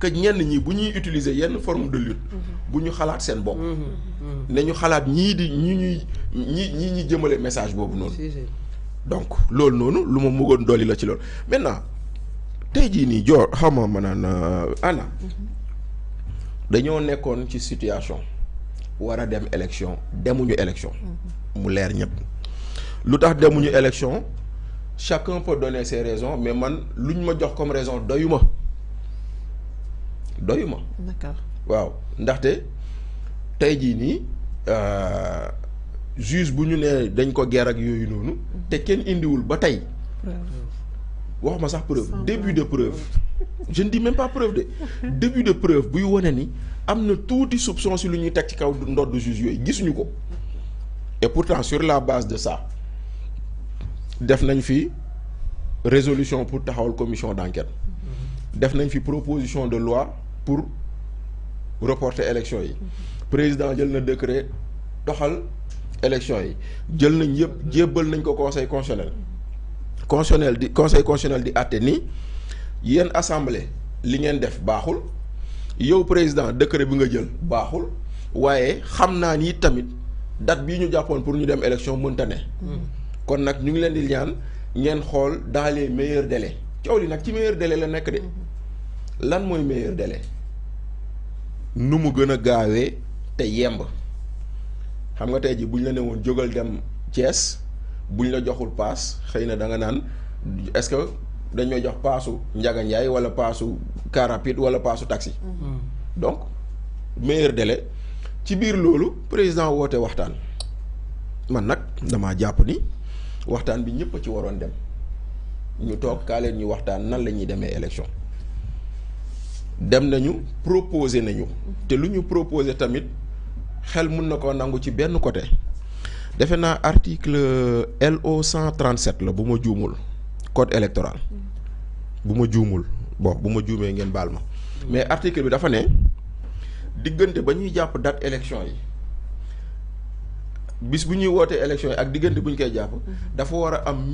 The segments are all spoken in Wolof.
que ñen ñi bu ñuy utiliser yenn forme de lutte mhm. bu ñu xalaat seen bopp mhm. Mhm. nañu xalaat ñii di ñi ñuy ñi ñii ñi jëmale message boobu noonu donc loolu noonu lu ma mëgoon dolli la ci loolu maintenant tey jii nii joor xawma ma naan euh, ana dañoo nekkoon ci situation war a dem élection demuñu élection mu leer ñëpp lu tax demuñu élection chacun peut donner ses raisons mais man luñ ma jox comme raison doyuma doyuma. d'accord waaw ndaxte tey jii nii euh, juge bu ñu nee dañ ko guer ak yooyu noonu. bataille. kenn indiwul ba tey. waxuma sax preuve début de preuve je ne dis même pas preuve de début de preuve buy a ni am na tuuti soupçon si lu ñuy teg ci kaw ndodd juge yooyu gisuñu ko et pourtant sur la base de ça def nañ fi résolution pour taxawal commission d'enquête mm-hmm. def nañ fi proposition de loi pour reporter l'élection... ...le président l'élection. le décret élection yi conseil constitutionnel conseil constitutionnel di y a assemblée li président décret bi nga jël ni tamit date a ñu pour ñu dem élection kon ñu ngi di ñaan dans les meilleurs délais la de lan meilleur délai nu mu gën a gaawee te yemb xam nga tey ji buñ la ne woon jógal dem bu buñ la joxul paas xëy na da nga naan est-ce que dañ may jox paasu Ndiaga Ndiaye wala paasu car rapide wala paasu taxi. Mm-hmm. donc meilleur délai ci biir loolu président woote waxtaan man nag damaa jàpp ni waxtaan bi ñëpp ci waroon dem ñu toog kaa leen ñu waxtaan nan la ñuy demee élection. dem nañu proposer nañu te luñu proposer tamit xel mën na nangu ci côté article LO 137 la buma code électoral buma djumul bon mais article bi dafa né digënté bañuy date élection bis élection ak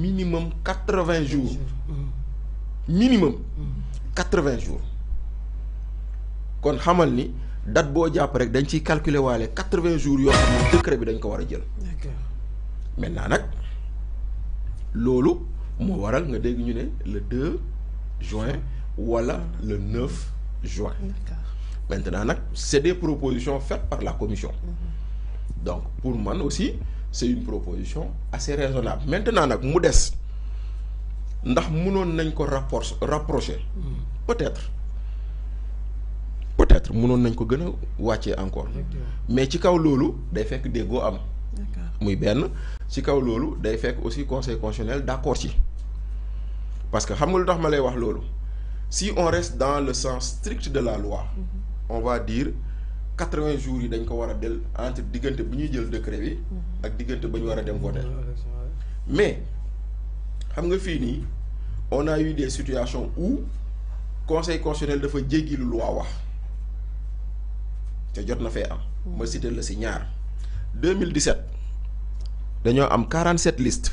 minimum 80 jours minimum 80 mm. jours kon xamal ni date bo japp rek dañ ci calculer walé 80 jours yo xam décret bi dañ ko wara maintenant nak lolu mo waral nga le 2 juin wala le 9 juin. maintenant c'est des propositions faites par la commission. Mm-hmm. donc pour moi aussi c'est une proposition assez raisonnable maintenant nak mu dess ndax mënon nañ ko rapport rapprocher. Mm. peut-être peut-être mënoon nañ ko gëna waccé encore mais ci kaw lolu day fekk go am muy benn ci kaw lolu day fekk aussi conseil constitutionnel d'accord ci parce que xam nga lutax wax lolu si on reste dans le sens strict de la loi mhm. on va dire 80 jours yi dañ ko wara del entre diggante bu ñuy jël décret bi mhm. ak diggante ba wara dem voter mais xam nga fi ni on a eu des situations où conseil constitutionnel dafa jéggi lu loi wax te jot na fee am. ma cité la ci ñaar 2017 dañoo am 47 listes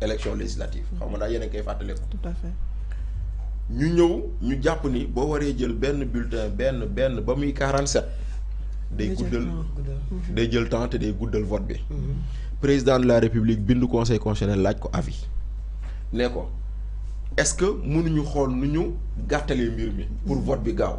élection législative xaw ma yene kay a ko tout à fait ñu ñëw ñu japp ni bo waré jël ben bulletin ben, ben, ba muy 47. day guddal mm-hmm. Mm-hmm. day jël temps té day guddal vote bi. Mm-hmm. président de la république bindu conseil constitutionnel laaj ko avis Né ko est-ce que ñu xool nu ñu gattalé mbir mi pour vote bi gaaw.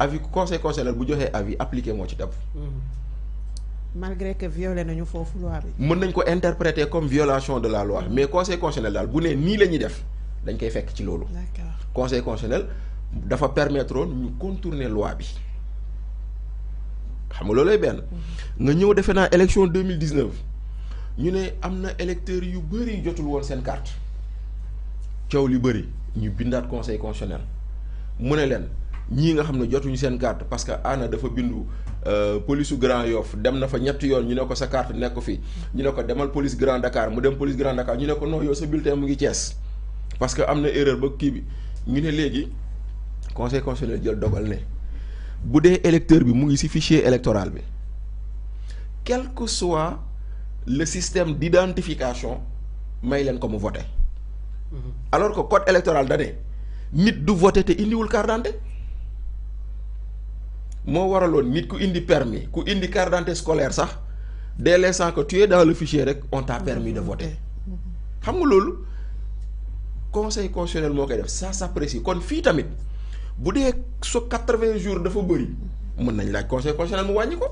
avis conseil constitutionnel bu joxee avis appliqué mo ci tab mm-hmm. malgré que violé nañu fofu loi bi. mën nañ ko interpréter comme violation de la loi mais conseil constitutionnel dal bu ne ni lañu def dañ koy fekk ci lolu conseil constitutionnel dafa permettre ñu contourner loi bi xam nga loolooy ben mm-hmm. nga ñëw défé na élection 2019, ñu né amna électeur yu bëri jotul won sen carte ciow li bëri ñu bindaat conseil constitutionnel mu ne ñi nga xam ne jotuñu seen carte parce que ana dafa bindu euh, police Grand Yoff dem na fa ñetti yoon ñu ne ko sa carte nekk fi ñu ne ko demal police Grand Dakar mu dem police Grand Dakar ñu ne ko non yow sa bulletin mu ngi Thiès parce que am na erreur ba kii bi ñu ne léegi conseil constitutionnel jël dogal ne bu dee électeur bi mu ngi ci fichier électoral bi quel que soit le système d'identification may leen ko mu voter mm-hmm. alors que code électoral da ne nit du voter te indiwul carte d'identité moo waraloon nit ku indi permis ku indi carte d'identité scolaire sax dès l'instant que tu es dans le fichier rek on t'a permis de voter xam nga loolu conseil constitutionnel moo def ça s'apprécie kon vous tamit bu dee 80 jours dafa bëri mën nañ laaj conseil constitutionnel mu wàññi ko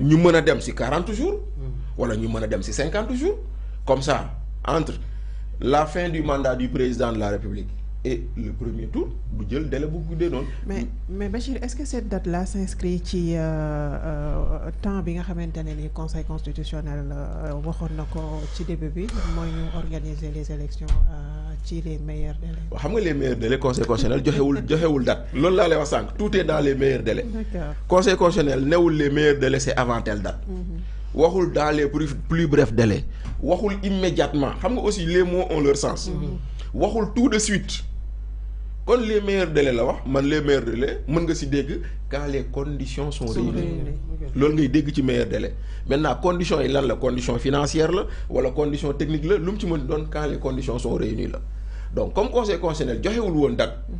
ñu mën dem quarante jours mm. wala ñu mën a dem ci cinquante jours comme ça entre la fin du mandat du président de la République et le premier tour du jël délai beaucoup de non mais mais Bachir est-ce que cette date là s'inscrit ci euh, euh, temps bi nga xamante ne ni conseil constitutionnel euh, waxoon na ko ci début bi organiser les élections tirer les meilleurs délais. xam les meilleurs délais conseil constitutionnel joxewul joxewul date loolu l'a lay tout est dans les meilleurs délais. d'accord conseil constitutionnel newul les meilleurs délais c'est avant telle date. Mm-hmm waxul dans les plus plus brefs délais waxul immédiatement xam nga aussi les mots ont leur sens. Mhm. waxul tout de suite. kon les meilleurs délais la wax man les meilleurs délais mën nga ci dégg quand les conditions sont réunies loolu ngay dégg ci meilleurs délais maintenant conditions yi lan la condition financière la wala condition technique la lu mu ci mën doon quand les conditions sont réunies la donc comme conseil constitutionnel joxewul won date mhm.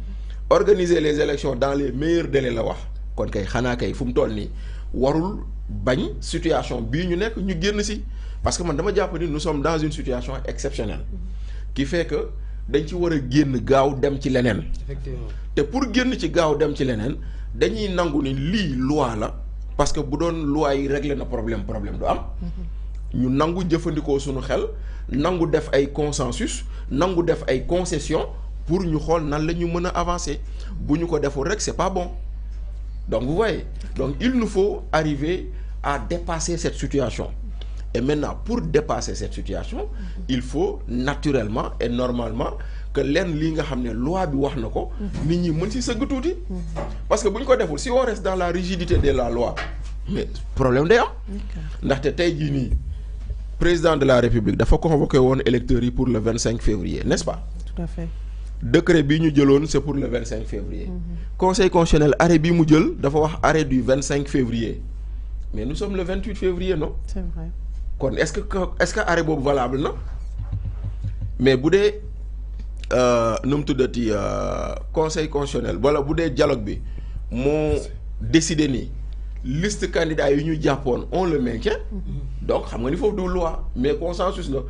organiser les élections dans les meilleurs délais la wax kon kay xana kay fu mu toll nii warul bagn situation bi ñu nek ñu genn ci parce que man dama japp ni nous sommes dans une situation exceptionnelle qui fait que dañ ci wara genn gare gaaw dem ci effectivement te pour genn ci gaaw dem ci lenen dañuy nangu ni li loi la parce que bu doon loi yi réglé na problème problème do am mm-hmm. ñu nangu jëfëndiko suñu xel nangu def ay consensus nangu def ay concessions pour ñu xol nan lañu mëna avancer buñu ko deful rek c'est pas bon donc vous voyez donc il nous faut arriver à dépasser cette situation. Et maintenant, pour dépasser cette situation, il faut naturellement et normalement que len li nga xamné loi bi wax nako nit ñi mën parce que si on reste dans la rigidité de la loi mais problème d'ailleurs am ndax té président de la République a convoquer une électeurs pour le 25 février n'est-ce pas tout à fait décret bi ñu c'est pour le 25 février Le conseil constitutionnel arrêt bi mu du 25 février mais nous sommes le 28 février non. c'est vrai est-ce que est-ce que arrêt valable non mais si nous avons un conseil constitutionnel Voilà, boudé un dialogue bi avons décidé ni liste candidats yi ñu Japon, on le maintient donc il faut ni lois, loi mais consensus non.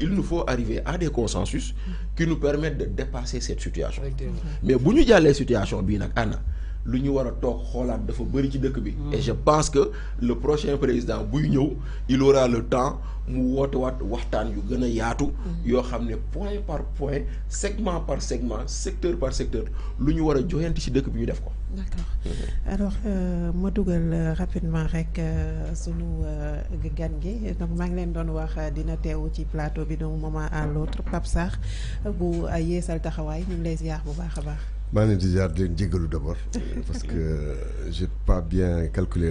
il nous faut arriver à des consensus qui nous permettent de dépasser cette situation mais nous avons une situation bi nak ana lu ñu war a toog xoolaat dafa bëri ci dëkk bi. Mm. et je pense que le prochain président buy ñëw il aura le temps mu woote waat waxtaan yu gën a yaatu. Mm. yoo xam ne point par point segment par segment secteur par secteur lu ñu war a joyanti ci dëkk bi ñu def ko. d'accord mm-hmm. alors euh, ma dugal euh, rapidement rek euh, sunu gan gi donc maa ngi leen doon wax dina teew ci plateau bi d'un moment à l'autre Pape Sarr bu yeesal taxawaay ñu ngi lay ziar bu baax a baax parce que euh, j'ai pas bien calculé.